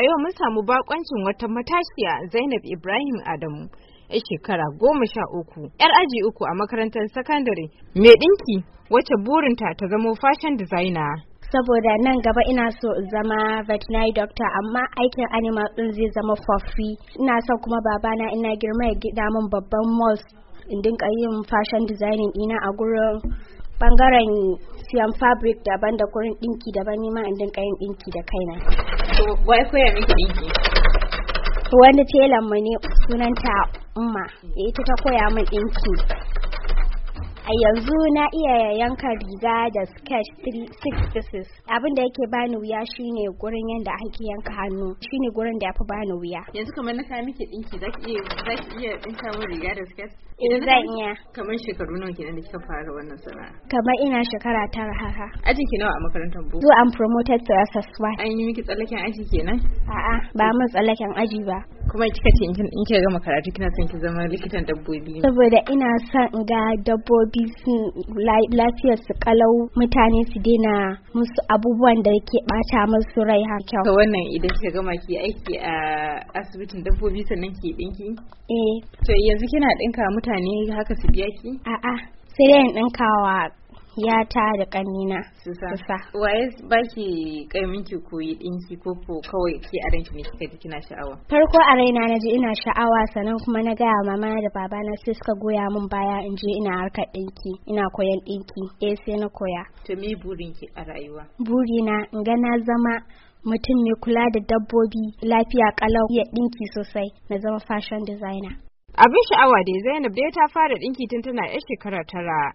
a yau mun samu bakoncin wata matashiya Zainab Ibrahim Adamu. ya shekara goma sha uku yar aji uku a makarantar sakandare mai ɗinki wacce burinta ta zamo fashion designer saboda nan gaba ina so in zama veterinary doctor amma aikin animal ɗin zai zama for ina so kuma babana ina girma ya gida min babban malls in dinka yin fashion designing ina a gurin bangaren siyan fabric daban da kurin ɗinki daban nima in dinka yin ɗinki da kaina wai koya miki wani telan mu ne sunanta umma ita ta koya min ɗinki a yanzu na iya yanka riga da skirt six pieces abin da yake bani wuya shine gurin yanda ake yanka hannu shine gurin da yafi bani wuya yanzu kamar na sami miki dinki zaki iya zaki iya dinka mun riga da skirt in eh, zan iya kamar shekaru nawa kenan da kika fara wannan sana'a kamar ina shekara tara haka ajin ki nawa a makarantar boko so am promoted to ss1 an yi miki tsallaken aji kenan a'a ba mun tsallaken aji ba kuma kika ce in kika gama karatu kina son ki zama likitan dabbobi saboda ina son ga dabbobi su lafiyar su kalau mutane su daina musu abubuwan da ke bata musu rai kyau. to wannan idan kika gama ki aiki a asibitin dabbobi sannan ki dinki eh to yanzu kina dinka mutane haka su biya ki a'a sai dai in dinka wa ya ta da kanina su waye baki kai minki koyi dinki ko ko kawai ki a ranki ne kika kina sha'awa farko a raina naji ina sha'awa sannan kuma na gaya mama da baba na sai suka goya min baya in je ina harkar dinki ina koyan dinki eh sai na koya to me burin ki a rayuwa burina in ga na zama mutum mai kula da dabbobi lafiya kalau ya dinki sosai na zama fashion designer abin sha'awa dai Zainab dai ta fara dinki tun tana 'yar shekara tara